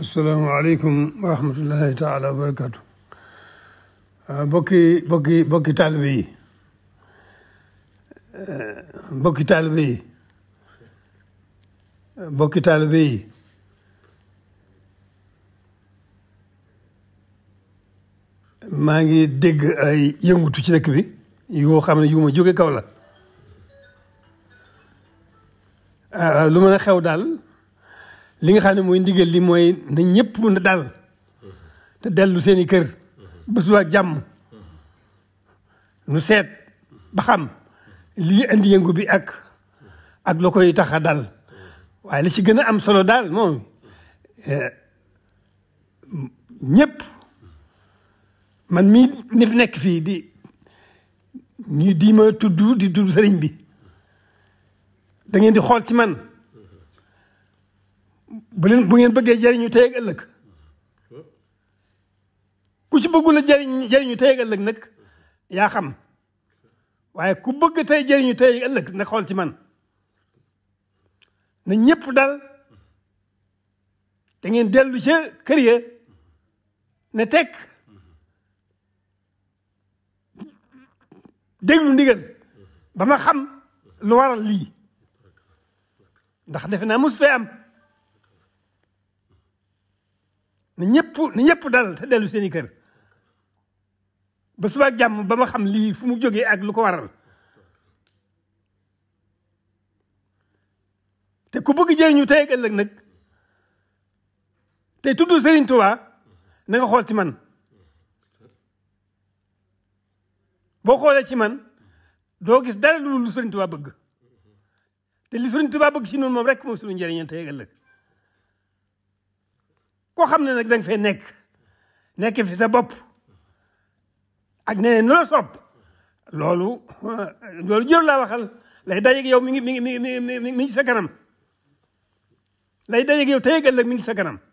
asalaamaaleykum wa rahmatullahi taala wa barakaatu ah, bokki bokki bokki taalibe eh, bokki taalibe eh, maa ngi dégg ay yëngutu ci dëkk bi yoo xam ne yu ma jóge kaw la ah, lu mën a xew daal li nga xam ne mooy ndigal li mooy na ñëpp na dal te dellu seeni kër ba suba jàmm nu seet baxam xam lii indi yëngu bi ak ak la koy tax a dal waaye li ci gën a am solo daal moom eh, ñépp man mii fi nekk fii di ñu di ma tudd di tudd sëriñ bi da ngeen di xool ci man bu bu ngeen bëggee jariñu tey ak ëllëg ku ci bëggula jariñ jariñu tey ak ëllëg nag yaa xam waaye ku bëgg tey jariñu tey ak ëllëg na xool ci man na ñépp dal da ngeen dellu ca kër ya ne tekk déglu ndigal ba ma xam lu waral lii ndax defe naa mos fee am na ñëpp na ñëpp dal te dellu seen i kër ba suba jàmm ba ma xam lii fu mu jógee ak lu ko waral te ku bëgg jëriñu tey ak ëllëg nag te tudd Serigne Touba na xool ci man boo xoolee ci man doo gis dal lu Serigne Touba bëgg te li Serigne Touba bëgg ci noonu moom rek moom suñu njëriñal tey ak ëllëg xam ne nag danga fee nekk nekk fi sa bopp ak neneen nu la loolu loolu jër laa waxal lay dajeeg yow mi ngi mi ngi mi ngi mi ngi sa kanam lay dajeeg yow tey ëllëg mi ngi sa kanam